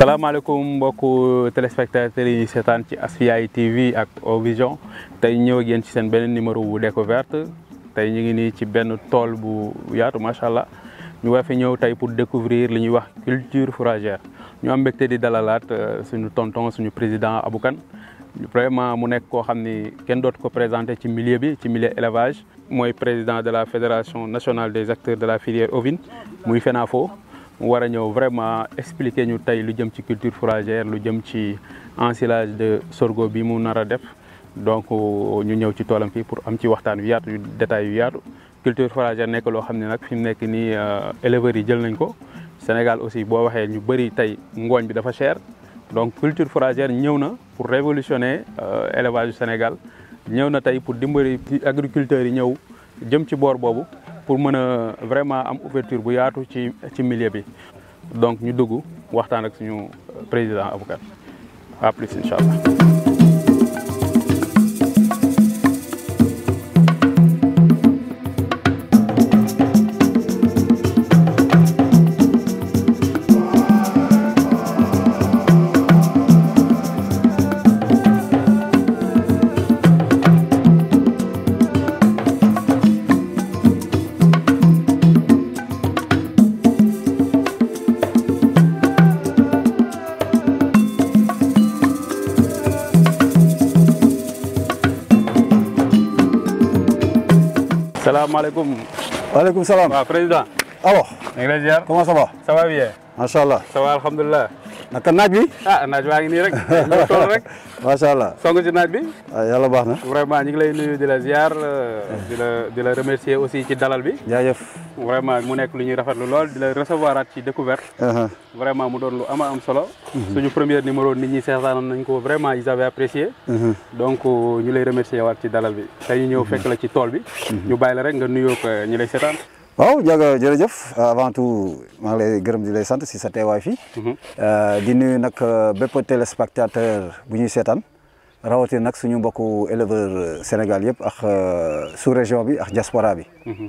salaamaaleykum beaucoup téléspectateurs ici à ci TV ak Ovision tey ñëw ak yéen ci seen beneen numéro bu découverte tey ñu ngi nii ci benn tool bu yaatu macha allah ñu war fi ñëw pour découvrir li ñuy wax culture fourragère ñu am mbégte di dalalaat euh, suñu tonton suñu président Aboukan. vraiment mu nekk koo xam ni kenn ko ci milieu bi ci milieu élevage moi président de la fédération nationale des acteurs de la filière ovine muy FENAFO mu war vraiment expliquer ñu tey lu jëm ci culture fourragère lu jëm ci ensilage de sorgho bi mu nar def donc euh, ñu ñëw ci toolam fii pour am ci waxtaan yu yaatu yu détails yu yaatu culture fourragère nekk loo xam ne nag fi mu nekk nii euh, éleveurs yi jël nañ ko Sénégal aussi boo waxee ñu bëri tey ngooñ bi dafa cher donc culture fourragère ñëw na pour révolutionner euh, élevage du Sénégal ñëw na tey pour dimbali agriculteurs yi ñëw jëm ci boor boobu pour mën vraiment am ouverture bu yaatu ci ci milieu bi donc ñu dugg waxtaan ak suñu président avocat A plus Inch'Allah. asalaamaaleykum. waaleykum salaam waaw président. alors. na nga lay ziar comment ça va. ça va bien. macha allah ça va alhamdulilah. naka naaj bi. ah naaj waa ngi nii rek. ñu toll rek. macha allah song ci naaj bi. waaw ah, yàlla baax na. vraiment ñu ngi lay nuyu di la ziar euh, di la di la remercier aussi ci dalal bi. jaajëf. vraiment mu nekk lu ñuy rafetlu lool di la recevoir ci découverte. Uh-huh. vraiment mu doon lu ama am solo. Uh-huh. ñu premier numéro nit ñi seetaan nañ ko vraiment ils avaient apprécié. Uh-huh. donc euh, ñu lay remercier waat ci dalal bi. tey ñu ñëw fekk la ci tool bi. ñu bàyyi la rek nga nuyoo ko ñi lay seetaan. waaw Diaga jërëjëf avant tout maa ngi lay gërëm di lay sant si sa teewaay fii. Mhm. Euh, di nuyu nag euh, bépp téléspectateur bu ñuy seetaan rawatina nag suñu mbokku éleveur euh, Sénégal yëpp ak sous région bi ak diaspora bi. Mhm.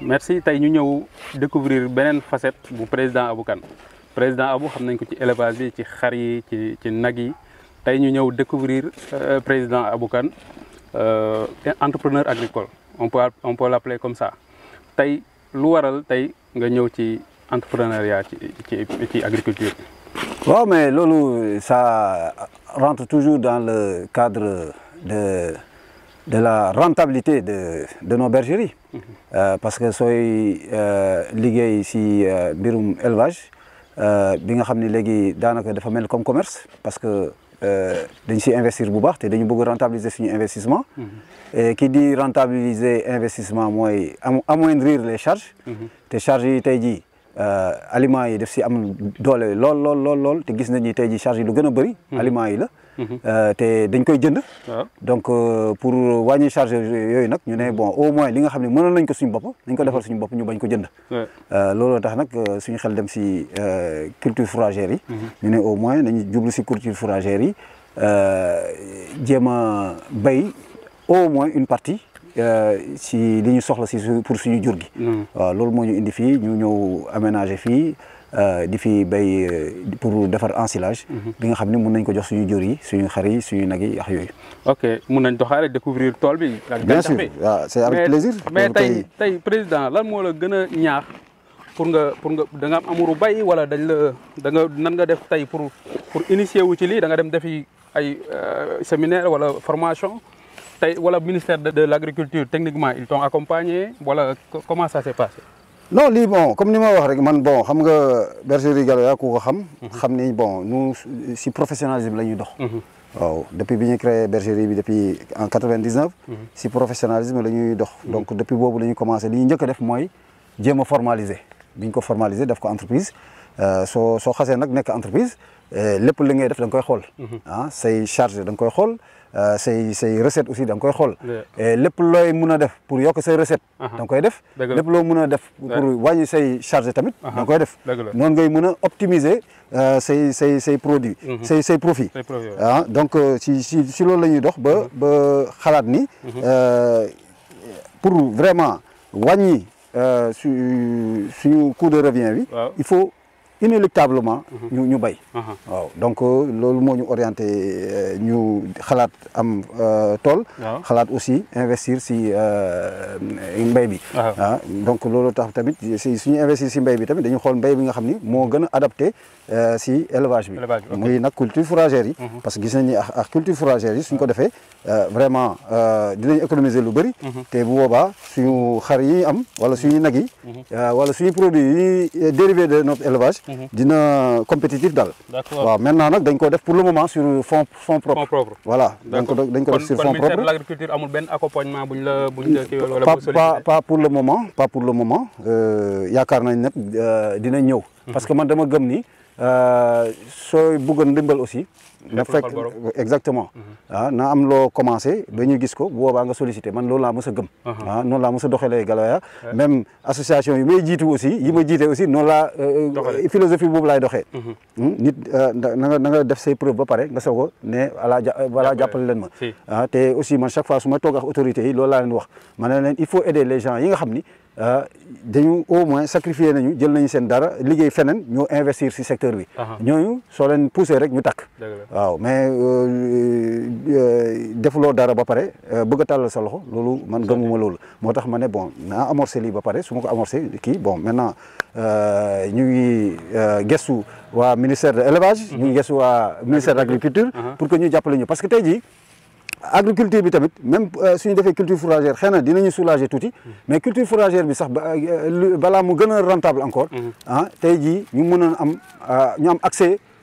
merci tey ñu ñëw découvrir beneen facette bu président Abou kan. président Abou xam nañ ko ci élevage bi ci xar yi ci ci nag yi tey ñu ñëw découvrir président Abou Kane entrepreneur agricole on peut on peut l'appeler comme ça. tay lu waral tay nga ñëw ci entrepreneuriat ci ci agriculture wa mais ça rentre toujours dans le cadre de de la rentabilité de de nos bergeries. Mhm. Euh, parce que euh liggéey si euh, birum élevage euh, bi nga xamni légui danaka des dafa mel comme commerce parce que. Nous euh, investir bu rentabiliser l'investissement investissement. Mhm. et qui rentabiliser investissement c'est amoindrir les charges. les mhm. charges euh, aliments charges Mhm. Euh, te dañ koy jënd donc euh, pour wàññi charge yooyu nag ñu ne mhm. bon au moins li nga xam ne mënoon nañ ko suñu bopp dañ ko defal mhm. suñu bopp ñu bañ ko jënd euh, looloo tax nag suñu xel dem si culture fourragère yi ñu ne au moins nañ jublu si culture fourragère yi jéem a béy au moins une partie si li ñu soxla si pour suñu jur gi loolu moo ñu indi fii ñu ñëw aménager fii Euh, di fi bay euh, pour defar ensilage. Mhm. bi nga xamni mën nañ ko jox suñu jori suñu xari suñu nagui ak yoy ok mën nañ doxale découvrir tol bi. ak bien sûr waaw c'est avec plaisir. mais tay tay président lan mo la gëna a ñaax pour nga pour nga da nga amuru bay wala dañ la da nga nan nga def tay pour pour initier wu ci li da nga dem def ay euh, séminaire wala formation. tay wala ministère de l'agriculture techniquement ils t'ont accompagné wala comment ça s'est passé non lii bon comme ni ma wax rek man bon xam nga bergerie galo ya ko xam. Mhm. xam ni bon nous si professionnalisme la dox. Mhm. waaw depuis biñu créé bergerie bi depuis en 99, mhm. si professionnalisme lañuy dox. donc depuis bobu la ñuy commencé li ñu def moy jéem formaliser Biñ ko formaliser def ko entreprise euh, so so xasse nak nek entreprise euh, lepp li ngay def da koy xool. ah say charge da nga koy xool ces, euh, ces recettes aussi da nga koy xool. lépp looy mun a def pour yokk ces recettes da nga koy def lépp loo mun def. pour wàññi ces charges tamit. da koy def non ngay meuna a optimiser ces euh, say ces produits. Mhm. ces say profit. ah donc euh, si si si lolu lañuy dox ba mhm. ba xalat ni. Mhm. pour vraiment wàññi sur suñu coût de revient bi. il faut inéluctablement mhm. ñu ñu béy waaw donc euh, lolu moo ñu orienté euh, ñu xalat am euh, tol xalat aussi investir si mbéy bi ah, donc lolu tax tamit si suñu investir si mbéy bi tamit dañu xol mbéy bi nga xamni mo gëna gën a adapté si élevage bi muy nak culture fourragère mhm. parce que gis nañ ni ak culture fourragère suñ ko défé vraiment euh dinañ économiser lu bari mhm. té bu woba suñu xar yi am wala suñu nag yi wala suñu produits yi dérivé de notre élevage Mhm. dina compétitif daal. waaw maintenant nak dañ ko def pour le moment sur fond fond propre. voilà dañ ko dañ ko def sur fond propre. kon ministère de l'agriculture amul ben accompagnement buñ la buñ la kii wala pas pas pour le moment pas pour le moment euh yakar nañ nag euh, dina ñëw. parce que man dama gëm ni euh sooy bëggoon ndimbal aussi exactement mhm. ah, na am lo commencé gis ko nga sollicité man ah, eh. même association yi may aussi ma aussi non la euh, euh, philosophie mhm. hmm? nit euh, nga def voilà jappal ah, aussi chaque fois il faut aider les gens Euh, dañu au moins sacrifier nañu jël nañu seen dara liggéey feneen ñoo investir si secteur bi. ñooñu soo leen poussé rek ñu takk. waaw mais euh, euh, defuloo dara ba pare bëgg a tàllal sa loxo loolu man gëmuma loolu. moo tax ma ne bon naa amorcé lii ba pare su ma ko amorcé kii bon maintenant ñu ngi gëstu waa ministère de l'élevage. Mhm. ñu ngi gëstu waa ministère de l'agriculture. pour que ñu jàppale ñu parce que tey jii. agriculture bi tamit même euh, suñu défé culture fourragère xéna dinañu soulager touti mais culture fourragère bi sax euh, bala mu gëna rentable encore hein, mhm. ah, tay ji ñu mënon am euh, ñu am accès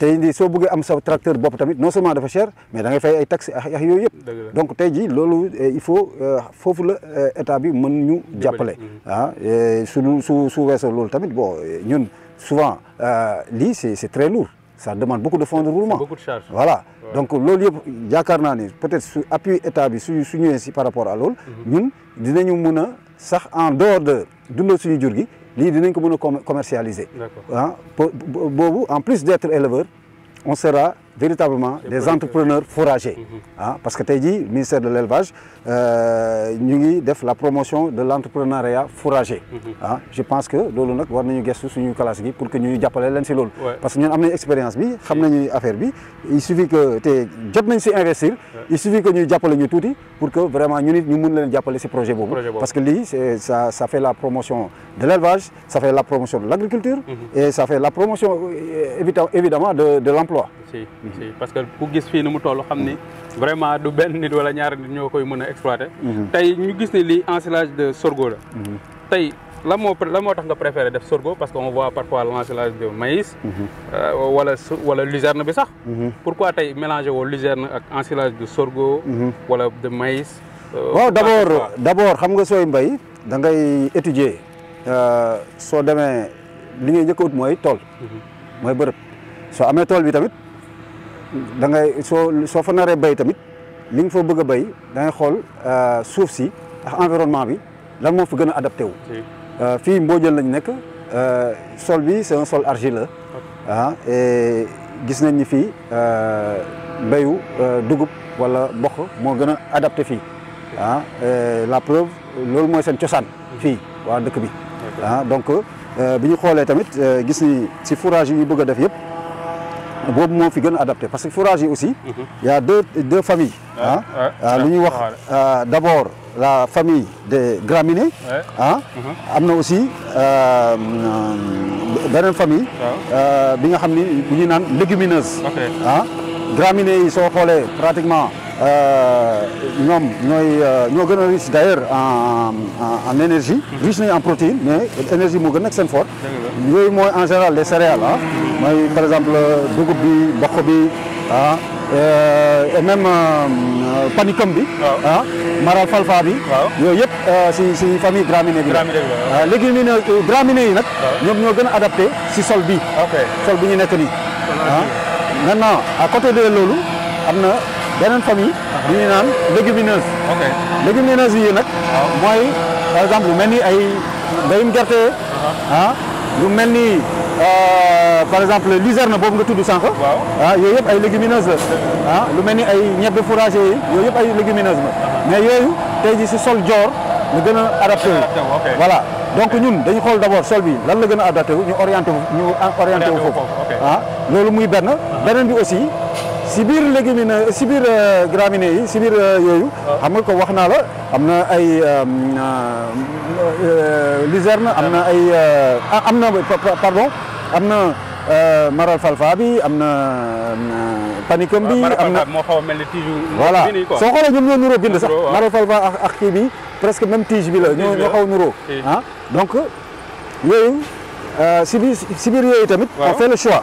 tey di soo bëggee am sa tracteur bop tamit non seulement dafa cher mais da ngay fay ay taxi ay yooyu yëpp donc tay ji loolu eh, il faut euh, fofu le euh, état bi meun ñu jappalé mm-hmm. ah eh, su su su weesoo loolu tamit bon eh, ñun souvent euh, li c'est c'est très lourd ça demande beaucoup de fonds de roulement beaucoup de charges voilà donc loolu yëpp yaakaar ni peut-être su appui état bi su su ñëwee si par rapport à loolu mm-hmm. ñun dinañu mën sax en dehors de dundal suñu jurgi L'idée dinañ que vous commercialiser. Ah, en plus d'être éleveur on sera véritablement des entrepreneurs fourragers. Mhm. Ah, parce que dit, le ministère de l'élevage nous avons fait la promotion de l'entrepreneuriat fourragé mhm. ah, je pense que nous ce war nañu gëstu suñu pour que nous nous appelions parce que nous avons une expérience nous avons une affaire il suffit que nous jot investir. il suffit que nous appelions tout pour que vraiment nous nous ñu mun projet parce que ça ça fait la promotion de l'élevage, ça fait la promotion de l'agriculture mhm. et ça fait la promotion euh, évidemment de de parce que ku gis fii ni mu toll xam ni vraiment du benn nit wala ñaari nit ñoo koy mën exploiter mhm. tey ñu gis ni lii ensilage de sorgho la mhm. tey la moo la moo tax nga préféré def sorgho parce que on voit parfois l'ensilage de maïs mhm. euh, wala wala luzerne bi sax pourquoi tey mélanger woo luzerne ak ensilage de sorgho wala de maïs euh, waaw d' abord d' abord xam nga sooy mbay da ngay étudier euh, soo demee li ngay njëkk a ut mooy tool mooy bërëb soo amee tool bi tamit da ngay so so fa naree bay tamit li nga fa bëgg bay da ngay xol euh souf ci ak environnement bi lan mo fa gëna adapté wu. Euh, fii Mbodiène lañ euh sol bi c'est un sol argileux hein et gis nañ ni fi fii mbayu euh, euh, dugub wala mboq mo gëna a adapté fii ah la preuve lool mooy sen cosaan mm. fi wa dëkk bi hein donc bi ñu xoolee tamit gis ni ci fourrage yi bëgg def yépp boobu moo fi gën adapté parce que fourrage aussi. Mhm. il y a deux deux familles. hein ah, lu ñuy wax euh, d' la famille des graminées. hein mhm. am aussi euh, beneen famille. Euh, bi nga xamni bu ñuy naan hein. graminées yi so xolé pratiquement nous euh, euh, avons ñoo gën riche d'ailleurs en énergie. riche en protéines, mais l'énergie est très forte. nous fort. yooyu en général les céréales ah. par exemple le euh, bi bi ah. et même le bi. ah maral falfa bi. yooyu yëpp famille graminée bi. les graminées légumineux graminée yi ñoo adapté sol sol bi ah. maintenant à côté de loolu am na. beneen famille bi ñu naan légumineuse légumineuse yi nag mooy par exemple lu mel ni ay mbéyum gerte uh-huh. ah lu mel ni euh, par exemple na boobu nga tudd sànq ah yooyu yëpp ay légumineuse la ah, lu mel ni ay ñebbe fourragers yëpp ay légumineuse la uh-huh. mais yooyu tey ji si sol joor lu gën a adapté wala voilà donc ñun dañu xool d' abord sol bi lan la gën a adapté wu ñu orienté wu ñu orienté wu foofu ah loolu muy benn uh-huh. beneen bi aussi si biir légumineux si biir euh, graminés yi si euh, yooyu. Ah. xam nga ko wax naa la am na ay euh, luzerne. am na ay ah, am na pardon am na maral falfa bi am na. panicum bi am na moo xaw a mel ni tige soo xoolee ñoom ñoo nuroo bind sax maral falfa ak kii bi presque même tige bi la ñoo xaw nuroo ah, donc yooyu si yooyu tamit. on fait le choix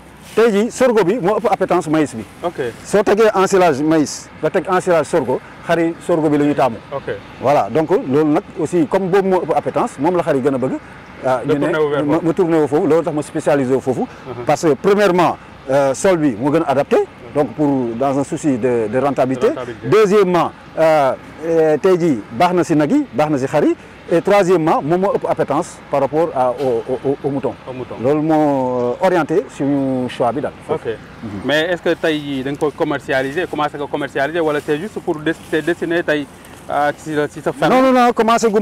Téji sorgho bi mo ëpp appétence maïs bi. ok so tagué ensilage maïs ba teg ensilage sorgho xari sorgho bi lañu tam ok voilà donc loolu nak aussi comme bo mo ëpp appétence mom la xari gëna bëgg. Ah, ñu ne ma tourné fofu. foofu loolu tax ma spécialisé wu uh-huh. parce que premièrement euh, sol bi moo gën adapté. donc pour dans un souci de de rentabilité. deuxièmement euh, euh jii baax si nagui, baxna si xari et troisièmement mon appétence par rapport à au au au mouton. au mouton loolu euh, orienté le choix bi daal. ok mais est-ce que tu as commercialisé Comment ko commercialiser commencé Ou commercialiser wala c'est juste pour dessiner c'est destiné euh, famille. non non non commencé gu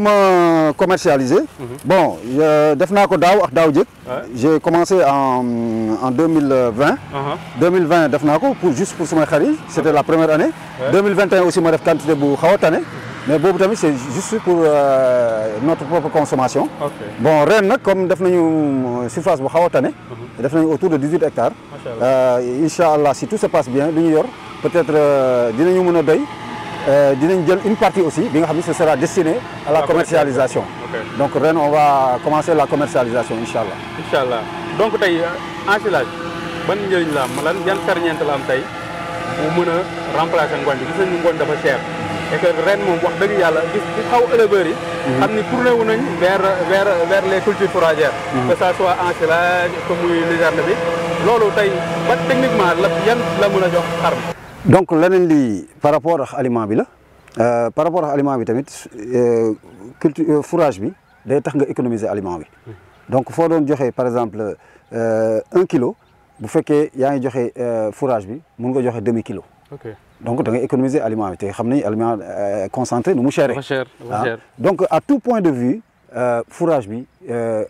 commercialiser. Mhm. bon euh, def Bon, j'ai commencé en en 2020, mille vingt. Uh-huh. pour juste pour sumay c'était la première année. 2021, aussi ma def quantité bu xaw a mais bon, c'est juste pour euh, notre propre consommation. bon Rennes, comme def une euh, surface bu xaw mhm. autour de 18 hectares. euh, si tout se passe bien ñu peut être euh, dinañu une partie aussi ce sera destiné à la commercialisation. donc Rennes, on va commencer la commercialisation inshallah inshallah donc tey ensilage ban je la am lan yan ferñeent am remplacer un bi et la donc leneen lii par rapport ak aliment bi la par rapport ak aliment bi tamit culture fourrage bi day tax nga économiser aliment bi donc foo doon joxe par exemple un kilo bu fekkee yaa ngi joxe fourrage bi mun nga joxe demi kilo. donc da économiser aliment bi te xam nañu aliment euh, concentré nous mu ah. cher donc à tout point de vue euh, fourrage bi euh,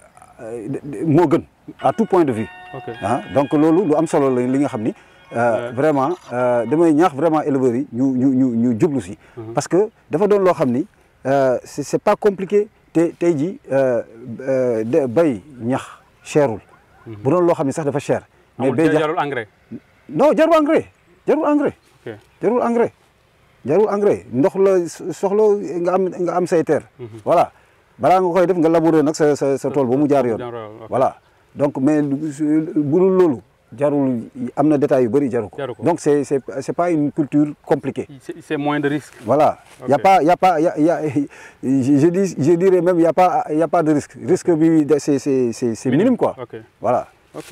moo gën à tout point de vue Hein? donc loolu lu am solo la li nga xam ni vraiment damay ñaax vraiment éleveur, yi ñu ñu ñu ñu jublu mm-hmm. parce que dafa doon loo xam ni c'est pas compliqué te tey ji bay ñax cherul mm-hmm. bu doon loo xam sax dafa cher mais bay jarul engrais non jarul engrais jarul engrais jarul engrais jarul engrais ndox la soxla nga am nga am say terre. Mhm. voilà balaa nga koy def nga labourer nak sa sa tol bu mu jaar yoon. voilà donc mais bu lolu jarul amna détail yu bari jaru donc c'est c'est c'est pas une culture compliquée c'est moins de risque voilà y a pas y a pas y y a je dis je dirais même y a pas y a pas de risque risque bi c'est c'est c'est minime quoi voilà ok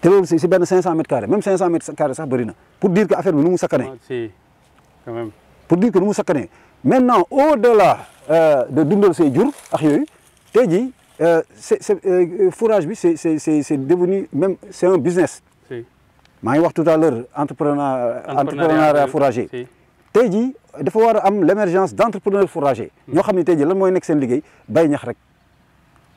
te loolu si benn 500 mètres carrés même 500 mètres carrés ça bëri na pour dire que affaire nous nu mu si quand même. pour dire que nous mu sakkanee maintenant au delà euh, de dundal say jur ak yooyu tey jii euh, c'est c'est euh, fourrage bi c'est c'est c'est devenu même c'est un business. Si. ngi wax tout à l'heure entrepreneur. entrepreneuriat fourrager. tey jii dafa war a am l'émergence d'entrepreneurs fourragers. Hmm. ñoo xam ne tey jii lan mooy nekk seen liggéey bay ñax rek.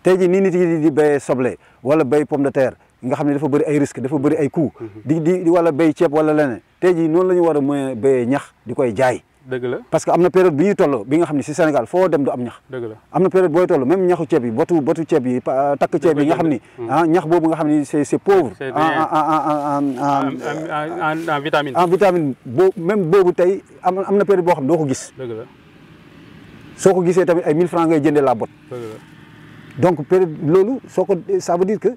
tey ni ni nit yi di béyee soble wala bay pomme de terre. nga xam ne dafa bëri ay risque dafa bëri ay coût mhm. di di wala béy ceeb wala leneen tey jii noonu la ñu war a moyen béyee ñax di koy jaay dëgg la parce que am na période bi ñuy toll bi nga xam ne si Sénégal foo dem du am ñax dëgg la am période booy toll même ñaxu ceeb yi botu botu ceeb yi takk ceeb yi nga xam ni ah ñax boobu nga xam ni c'est c'est pauvre en vitamine en vitamine même boobu tey am am na période boo xam ne doo ko gis dëgg la soo ko gisee tamit ay 1000 francs ngay jëndee la botte dëgg la donc période loolu soo ça veut dire que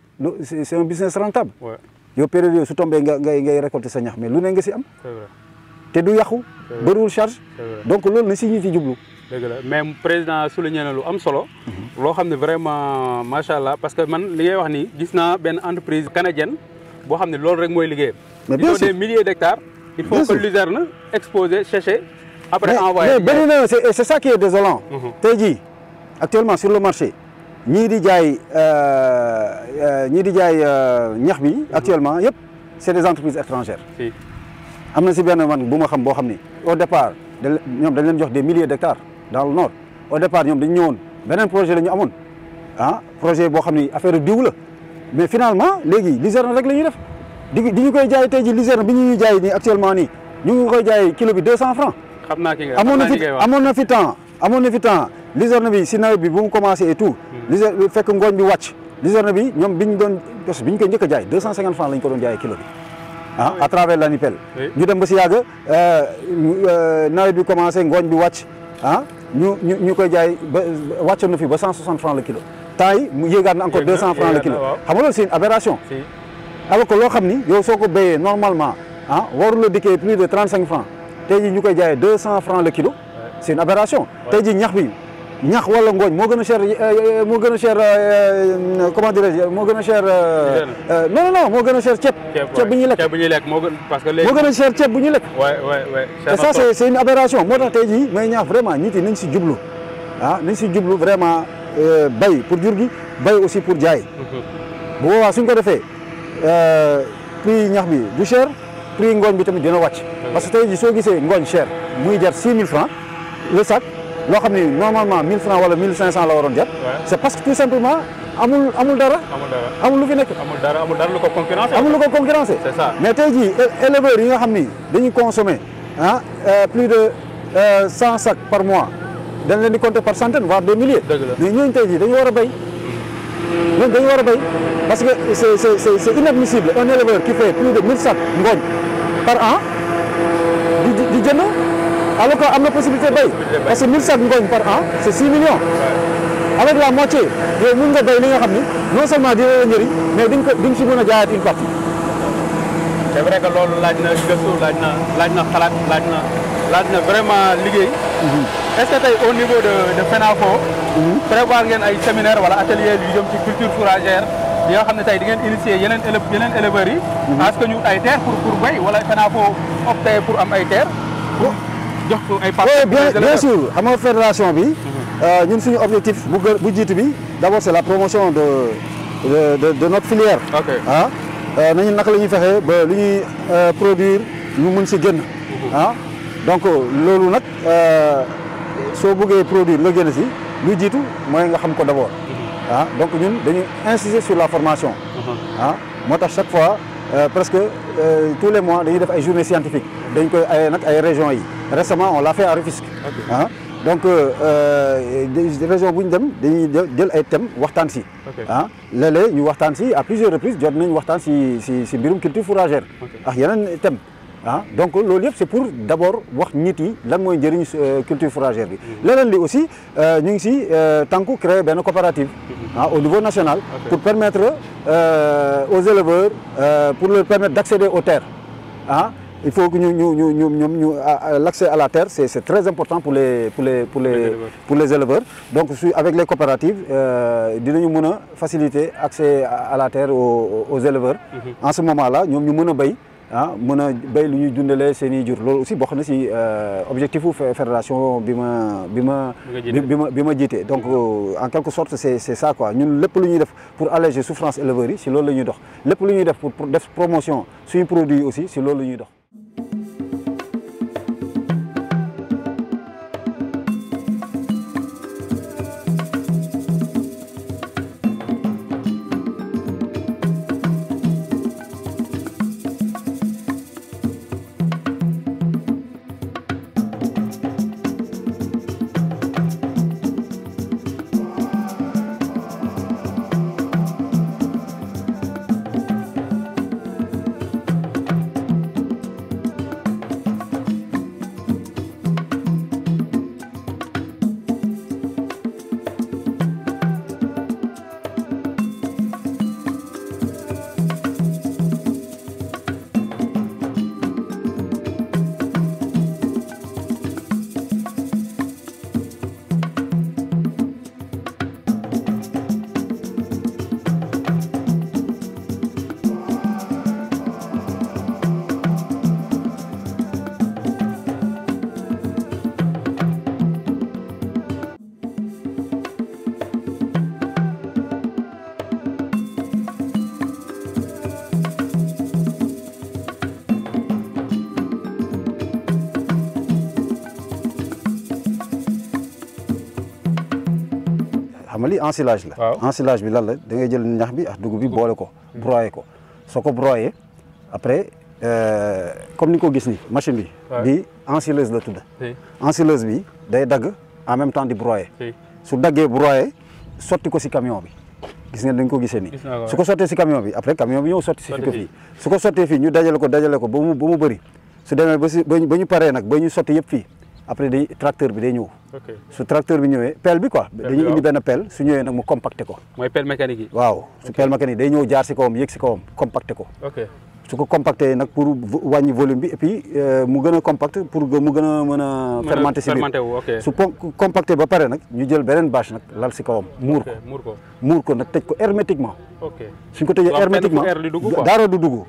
c'est un business rentable. yow période yooyu su tombee nga ngay ngay récolter sa ñax mais lu ne nga si am. te du yàqu. charge. donc loolu na si ñu ci la mais président souligné na lu am solo. Mhm. Lo xam ne vraiment macha allah parce que man li ngay wax nii gis naa benn entreprise canadienne boo xam ne loolu rek mooy liggéeyam. mais bien sûr des milliers d' hectares. il faut que luzerne exposer sécher après envoyer. mais mais ça qui est désolant. Mhm. tey actuellement sur le marché. ñii di jaay euh, euh, ñii di jaay euh, ñax bi mhm. actuellement yëpp c'est des entreprises étrangères. am na si benn man bu ma xam boo xam ni au départ ñoom dañ leen jox des milliers d' hectares dans le nord au départ ñoom dañu ñëwoon beneen projet la ñu amoon ah projet boo xam ni affaire diw la mais finalement léegi luzerne rek la ñuy def di di ñu koy jaay tey ji luzerne bi ñuy jaay nii actuellement ni ñu ngi koy jaay kilo bi deux cent francs. xam naa fi amoon fi temps à mon évitant, les ornevis, si nous avons commencé et tout, les fait que nous watch, les ornevis, nous avons donné 250 francs à l'incolon de kilo ah, à travers la nipel. Nous avons commencé, nous avons watch, nous avons watch 260 francs le kilo. Taille, nous avons encore 200 ah, francs le kilo. C'est une aberration. Alors que nous avons payé normalement, nous le payé plus de 35 francs. Nous avons payé 200 francs le kilo c'est une aberration tey jii ñax bi ñax wala ngogn mo gën cher euh, euh, mo gën cher euh, comment dire je moo cher. non non non mo gën cher ceeb. ceeb bu lek lekk ceeb lek mo parce que léegi moo gën cher ceeb bu lek ouais ouais. ouais ça c'est c'est une aberration moo tax tey jii may ñaax vraiment nit yi nañ ci jublu ah nañ ci jublu vraiment bay pour jur gi bay aussi pour jaay. Mhm. bu wa suñ ko euh prix ñax bi du cher prix ngogn bi tamit dina wacc parce que tay jii so gisee ngogn cher muy jar 6000 francs le sac loo xam normalement 1000 francs wala 1500 la waroon jar. c' parce que tout simplement amul amul dara. amul lu fi nek amul dara amul dara lu ko concurrencer. amul lu ko concurrencer. c' ça mais tey jii éleveurs yi nga xam dañuy consommer ah euh, plus de 100 euh, sacs par mois dañ leen di compter par centaine voire des milliers. dëgg la mais ñooñu tey jii dañ wara bay béy. ñooñu dañu war parce que c'est c'est c'est c'est inadmissible un éleveur qui fait plus de 1000 sacs ngooñ par an di di jënd. alors qu'on a possibilité de Parce que 1007 ngognes par an, c'est 6 millions. Avec la moitié, de monde de non seulement des mais d'une une partie. C'est vrai que na l'a dit, l'a dit, l'a dit, vraiment ligué. Mm-hmm. Est-ce que au niveau de, de FENAFO, mm-hmm. prévoir un séminaire ou atelier de culture fourragère bi nga xam ne tey di ngeen initier yeneen élève yeneen éleveurs yi. parce mm-hmm. que ñu ay terre pour pour béy wala xanaa foo opté am ay terre. bien bien sûr À ma fédération bi. Mhm. Euh, ñun suñu objectif bu dites bu la promotion de de de notre filière. ok ah euh, nañu naka la euh, produire ñu mun si mhm. ah donc loolu nag soo bëggee produire nga génn si lu moi nga xam ko d'abord? Mhm. Ah, donc nous dañuy insister sur la formation. ah moi à chaque fois presque tous les mois dañuy def ay journées scientifiques scientifique, koy ay nag ay régions yi récemment on l'a fait à Rufisque hein. donc euh, euh, des régions où dem dañuy jël ay thèmes waxtaan si ah hein. léeg à plusieurs reprises jot nañ waxtaan si si si culture fourragère ak yeneen thèmes un hein. donc loolu c'est pour d'abord wax la euh, culture fourragère bi mhm. leneen li aussi nous ngi si tànku créer benn coopérative mhm. au niveau national pour permettre aux éleveurs pour leur permettre d'accéder aux terres il faut que l'accès à la terre, c'est très important pour les, pour les, pour les, pour les éleveurs. Donc avec les coopératives, euh, nous pouvons faciliter l'accès à la terre aux, aux éleveurs. Mhm. En ce moment-là, nous pouvons faire ah mën a béy lu ñuy dundalee seen jur loolu aussi bokk na si euh, objectifu fédération bima, bima, bima, bima bi ma donc euh, en quelque sorte c'est c'est ça quoi ñun lépp lu ñuy def pour alléger souffrance éleveurs yi si loolu la ñuy dox lépp lu ñuy def pour def promotion suñu produit aussi si loolu la ñuy dox ensilage la. ensilage bi lan la da ngay jël ñax bi ak dugub bi boole ko. broyer ko Soko broyer après euh comme ni nga ko gis ni machine bi. bi ensileuse la tudde. ensileuse bi day dag en même temps di broyer. su dagué broyer sotti ko ci camion bi. gis ngeen dañ ko gisee ni. su ko sottee ci camion bi après camion bi ñëw sotti ci ko su ko sottee fi ñu dajalé ko dajalé ko bu mu ba mu su demee ba si ba ñu paree nag ba ñu sotti yëpp fii après day tracteur bi day ñëw. bi ñëwee pelle bi quoi. dañuy indi benn pelle su ñëwee nag mu compacté ko. mooy pelle mécanique yi. waaw su pelle mécanique day ñëw jaar si kawam yéeg si kawam compacté ko. su ko compacté nag pour wàññi volume bi et puis euh, mu gën a compact pour mu gën a mën a. fermenté si biir su compacté ba pare nag ñu jël beneen bâche nag lal si kawam. muur ko ko muur ko nag tëj ko hermétiquement. ok suñ ko tëjee hermétiquement dara du dugg.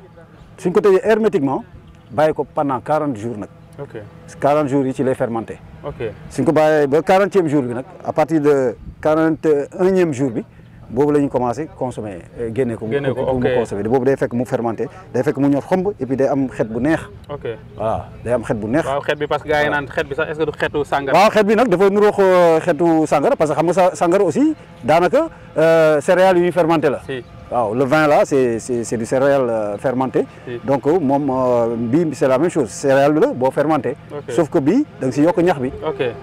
suñ ko tëjee hermétiquement bàyyi ko pendant 40 jours nag. ok 40 jours yi ci lay fermenté. ok su ñu ko ba 40 jour bi nag à partir de 41e jour bi boobu la ñu commencé consommé euh, génne ko. génne ko ok mu consommé boobu day fekk mu fermenté day fekk mu ñor xomb et day am xet bu neex. ok waaw day am xet bu neex. waaw xet bi parce que gars yi naan xet bi sax est-ce que du xetu sàngara. waaw xet bi nag dafa niroog euh, xetu sàngara parce que xam nga aussi daanaka euh, céréales yu ñuy fermenté la. waaw le vin là c'est c'est du céréale euh, fermenté donc euh, moom euh, bii c'est la même chose céréale bi fermenté sauf que bi, donc c'est si yokk ñax bi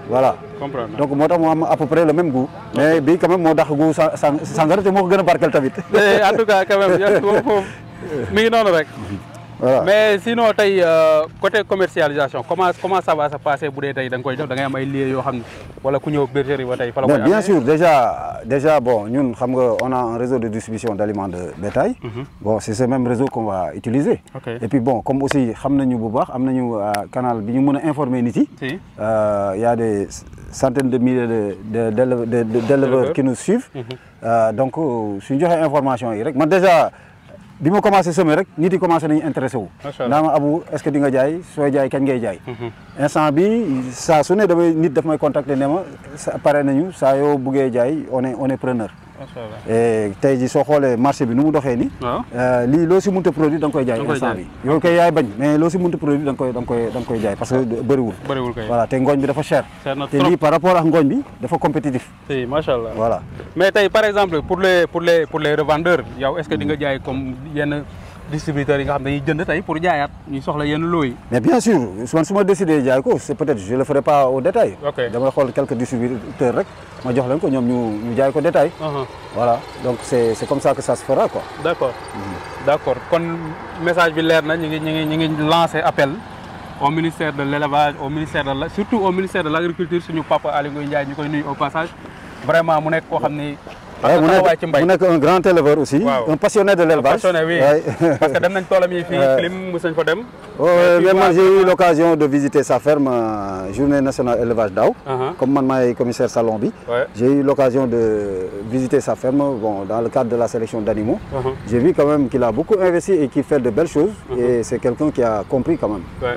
voilà donc moi, tax à peu près le même goût mais bi quand même moi tax goût sangara te moo ko gën a barkeel tamit eh, en tout cas quand même Mais non noonu rek mais sinon euh, côté commercialisation comment comment ça va se passer pour les détails bien sûr déjà déjà bon nous, on a un réseau de distribution d'aliments de bétail mhm. bon c'est ce même réseau qu'on va utiliser et puis bon comme aussi xam nañu bu baax am euh, canal qui nous mën a informer Il euh, y a des centaines de milliers de d'éleveurs qui nous suivent mhm. donc je joxee information yi rek déjà bi ma commencé semer rek nit yi commencé nañu intéressé wu naa ma abu est ce que di nga jaay sooy jaay kañ ngay jaay mhm. instant bi saa su ne damay nit daf pare nañu saa yoo buggee jaay on est preneur Eh, tey ji soo xoolee marché bi nu mu doxee ni eh, lii loo si munta produit da nga koy jaay instant bi yow koy yaay bañ mais loo si munta produit da nga koy da nga koy da nga koy jaay parce que ah. bëriwul voilà te ngooñ bi dafa cher te lii par rapport ak ngooñ bi dafa compétitif macha allah voilà mais tey par exemple pour les pour les pour les revendeurs yow est-ce que di nga jaay comme yenn distributeurs yi nga xam dañuy jënd tey pour jaayaat ñu soxla yenn loo mais bien sûr man su ma décidé ko c'est peut-être je le ferai pas au détail. ok xool quelques distributeurs rek ma jox leen ko ñoom ñu ñu ko détail. Uh-huh. voilà donc c'est comme ça que ça se fera quoi. d'accord mm-hmm. kon message bi leer na ñu ngi appel. au ministère de l'élevage au ministère de la surtout au ministère de l'agriculture suñu papa Aly Ngouille Ndiaye ñu on est un grand éleveur aussi. un passionné de l'élevage parce que oh, euh, dans uh-huh. j'ai eu l'occasion de visiter sa ferme journée nationale élevage d'ao comme le commissaire Salombi j'ai eu l'occasion de visiter sa ferme dans le cadre de la sélection d'animaux uh-huh. j'ai vu quand même qu'il a beaucoup investi et qu'il fait de belles choses. Uh-huh. et c'est quelqu'un qui a compris quand même. il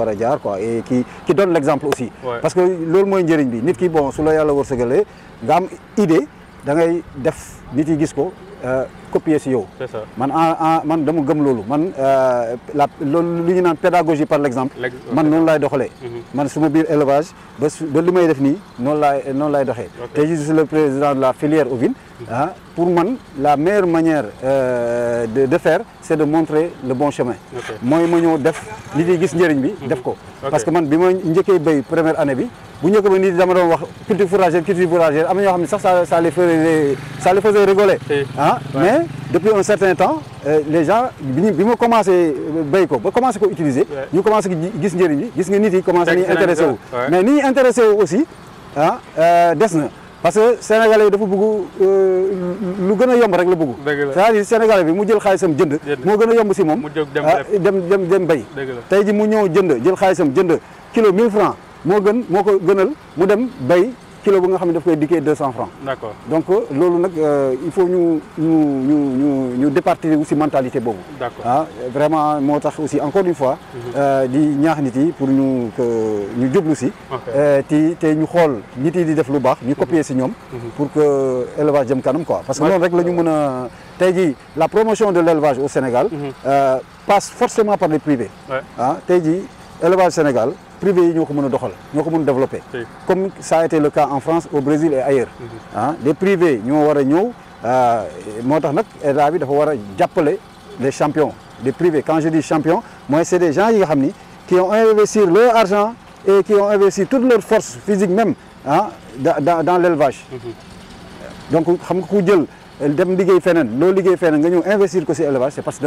hein, dire, quoi et qui donne l'exemple aussi. parce que l'homme mooy njëriñ bi nit ki bon su la idée dangay def nit yi gis ko euh, copier si yow. c'est ça man en ah, ah, man dama gëm loolu man euh, la loolu lu ñu naan pédagogie par l'exemple. man noonu laay doxalee. Mhm. man suma biir élevage ba ba li may def nii noonu laay noonu laay doxee. te je suis le président de la filière ovine mhm. ah, pour moi, la meilleure manière euh, de, faire, c'est de montrer le bon chemin. Moi, je suis def ko. Mhm. Parce que quand j'ai première année, si je suis culture fourragère, culture fourragère, ça, ça, ça, les faisait, ça les faisait rigoler. Ah, mais depuis un certain temps, euh, les gens, quand ont commencé à euh, utiliser, ils commencé à voir ils ont commencé à intéresser. Mais ils intéressés aussi, hein, euh, parce que sénégalais yi dafa bëgg euh, lu gën a yomb rek la bëgg c'est-à-dire sénégalais bi mu jël xaalisam jënd moo gën a yomb si moom ah, dem dem dem bay tey ji mu ñëw jënd jël xaalisam jënd kilo 1000 francs moo gën moo ko gënal mu dem bay kilo bu nga xam daf koy diké 200 francs d'accord donc euh, lolu nak euh, il faut ñu ñu ñu ñu ñu départir aussi mentalité bon ah vraiment motax aussi encore une fois mhm. euh, di ñaax nit yi pour ñu ñu jublu ci ti té ñu xol nit yi di def lu bax ñu mhm. copier ci ñom mhm. pour que élevage jëm kanam quoi parce que non rek la mëna tay ji la promotion de l'élevage au Sénégal passe forcément par les privés hein tay ji élevage Sénégal privés nous les développer comme ça a été le cas en France au Brésil et ailleurs ah, les privés nous avons ah, les champions les privés quand je dis champions moi c'est des gens qui ont investi leur argent et qui ont investi toute leur force physique même ah, dans l'élevage mm-hmm. donc xam nga jël c'est parce que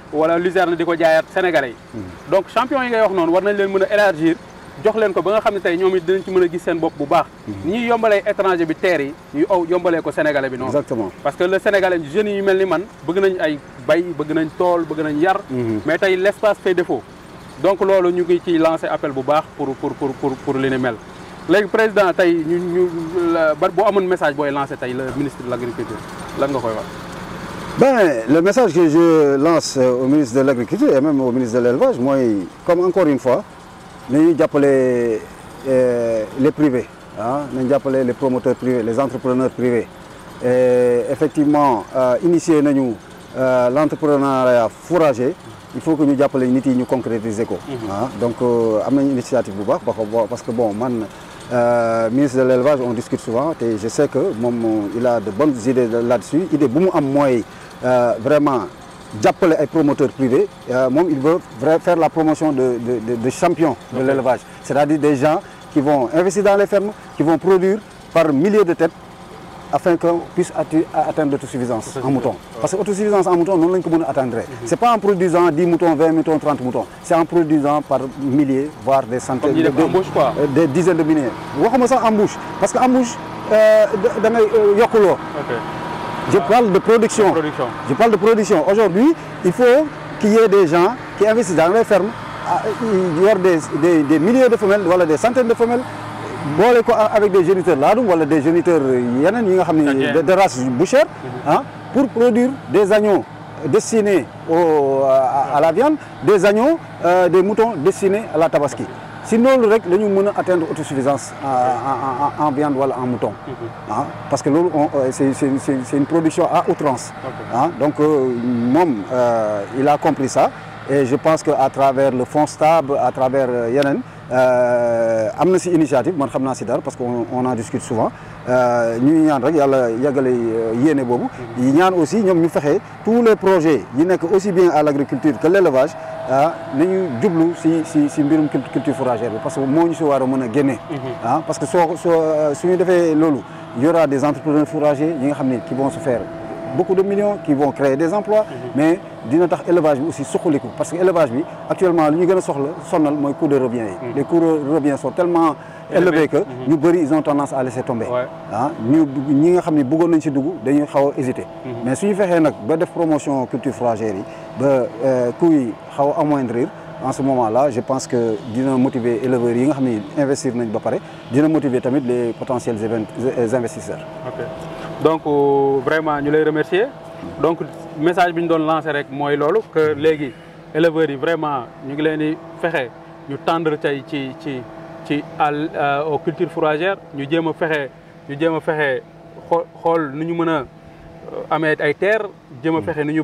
wala luzerne diko ko sénégalais hmm. donc champion yi ngay wax non war nañ leen mëna élargir jox leen ko ba nga xam ne ñoom it dinañ ci mëna gis seen bu baax hmm. ni yombalé étranger bi terre yi ñu yombalé ko sénégalais bi non exactement parce que le sénégalais jeune yi melni man bëgg nañ ay bay bëgg nañ tool bëgg nañ yar hmm. mais tay l'espace fait défaut donc lolu ñu ngi ci lancer appel bu baax pour pour pour pour pour li ni mel léegi président tay ñu ñu bo amone message boy lancé tay le ministre de l'agriculture la nga koy wax ben, le message que je lance au ministre de l'Agriculture et même au ministre de l'Élevage, moi, comme encore une fois, nous appelons euh, les privés, hein, nous appelons les promoteurs privés, les entrepreneurs privés. Et effectivement, euh, initier euh, l'entrepreneuriat fourragé, il faut que nous appelions nous concrétiser. Mmh. Hein. Donc, euh, une initiative parce que bon, man, le euh, ministre de l'élevage, on discute souvent et je sais que euh, il a de bonnes idées là-dessus il est beaucoup vraiment d'appeler les promoteurs privés euh, il veut faire la promotion de de de champions de l'élevage c'est-à-dire des gens qui vont investir dans les fermes qui vont produire par milliers de têtes afin qu'on puisse atteindre l'autosuffisance en mouton. Parce que l'autosuffisance en mouton, non, l'on atteindre. Mhm. Ce n'est pas en produisant 10 moutons, 20 moutons, 30 moutons. C'est en produisant par milliers, voire des centaines, de, euh, des dizaines de milliers. Vous ça en bouche. Parce qu'en bouche, euh, euh, Je parle de production. Je parle de production. Aujourd'hui, il faut qu'il y ait des gens qui investissent dans les fermes. Ah, il y a des, des milliers de femelles, voilà, des centaines de femelles avec des géniteurs là, des géniteurs yi nga de race mhm. ah, pour produire des agneaux destinés à la viande des agneaux euh, des moutons destinés à la tabaski Sinon, le rek lañu atteindre autosuffisance euh, en en viande ou en mouton mhm. ah, parce que euh, c'est une production à outrance ah, donc euh, il a compris ça et je pense qu'à travers le fond stable à travers yenen euh, am na si initiative man xam naa si parce que on en discute souvent il euh, ñaan rek yàlla yàggale euh, yéene boobu. Mhm. ñaan aussi ñoom ñu fexe tous les projets yi nekk aussi bien à l'agriculture que l'élevage élevage ah nañu jublu si si si mbirum culture fourragère parce que moi je suis au a mën mhm. ah, parce que soo soo su ñu lolo il y aura des entrepreneurs fourragers nga qui vont se faire beaucoup de millions qui vont créer des emplois mhm. mais dina élevage aussi suqaliku parce que élevage bi actuellement li ñu soxla sonal coût de revient mhm. les coûts de revient sont tellement élevés que nous mhm. avons ils ont tendance à laisser tomber Nous, ah, ñu ñi nga ne nañ si dugg dañuy xaw hésiter mais suñu vous nak ba def promotion culture frangérie, yi ba euh, coût yi xaw amoindrir en ce moment-là, je pense que dina motiver éleveurs yi nga xamni investir nañ ba paré, dina motiver tamit les potentiels investisseurs. ok donc euh, vraiment ñu lay remercier donc message bi ñu doon lancé rek moy lolu que légui éleveurs yi vraiment ñu ngi léni fexé ñu tendre tey ci ci ci al euh, aux cultures fourragères ñu jéma fexé ñu jéma fexé xol xool nu ñu mën a euh, ay terre jéma fexé ñu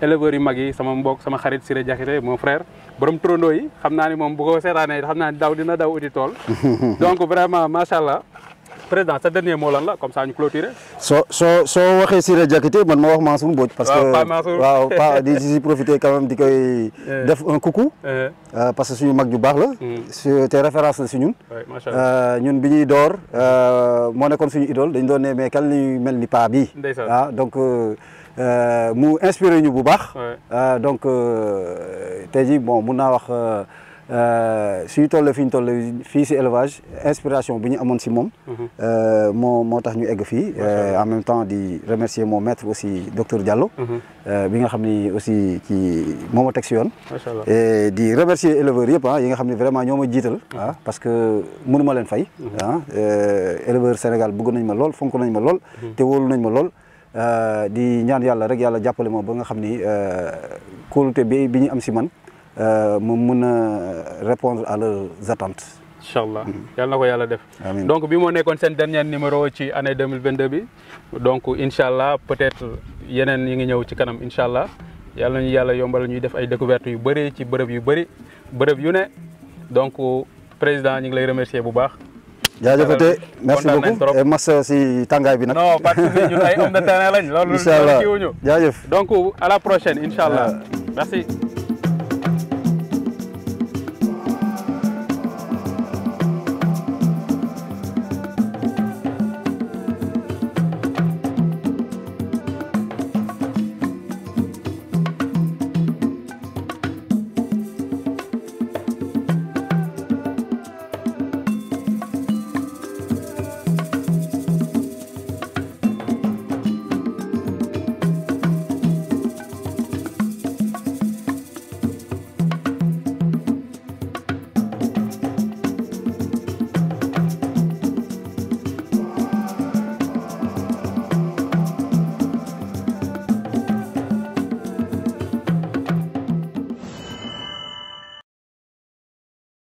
éleveurs yu mag yi sama mbokk sama xarit Siré Diakité mon frère borom turandoo yi xam naa ni moom bu ko seetaanee xam naa ni daw dina daw uti tool donc vraiment macha allah président sa dernier mot lan la comme ça ñu clôturer. soo soo soo waxee Siré Diakité man ma wax Mansour Mbodj. parce que waaw Pa di si profiter quand di koy. Eh. def un coucou. Eh. Euh, parce que suñu mag ju baax la. Mm. te référence la si ñun. Euh, ñun bi ñuy door euh, moo nekkoon suñu idole dañ doon ne mais kan la mel ni Pa bii. ah donc. Euh, mu inspiré ñu bu baax. Euh, donc euh, tay jii bon mu na wax euh toll fi ñu toll fii si élevage inspiration bi ñu amone ci mom mhm. euh mo motax ñu egg fii. en même temps di remercier mon maître aussi docteur Diallo. Mhm. bi nga xamni aussi ci moo tek teg yoon. et di remercier éleveurs yëpp ah yi nga xamni vraiment ñoma jital mhm. ah, parce que mënu ma leen fay. Ah, euh éleveur Sénégal bëgg nañ ma lool fonk nañ ma lool. té wolu nañ ma lool. Euh, di ñaan yàlla rek yàlla jàppale ma ba nga xam ni euh, kóolute bi bi ñu am si man euh, mu mun a répondre à leurs attentes. incha allah mm-hmm. yàlla na yàlla def. donc bi moo nekkoon seen dernier numéro ci année deux mille vingt deux bi donc incha allah peut-être yeneen yi ngi ñëw ci kanam incha allah yàlla yàlla yombal ñuy def ay découvertes yu bëri ci bërëb yu bëri bërëb yu ne donc président ñu ngi lay remercier bu baax. jaajëfate merci beaucoup et massa si tàngaay bi nag. non parce que ñun ay hommes de terrain lañ. incha allah loolu loolu kii wuñu. jaajëf donc à la prochaine incha allah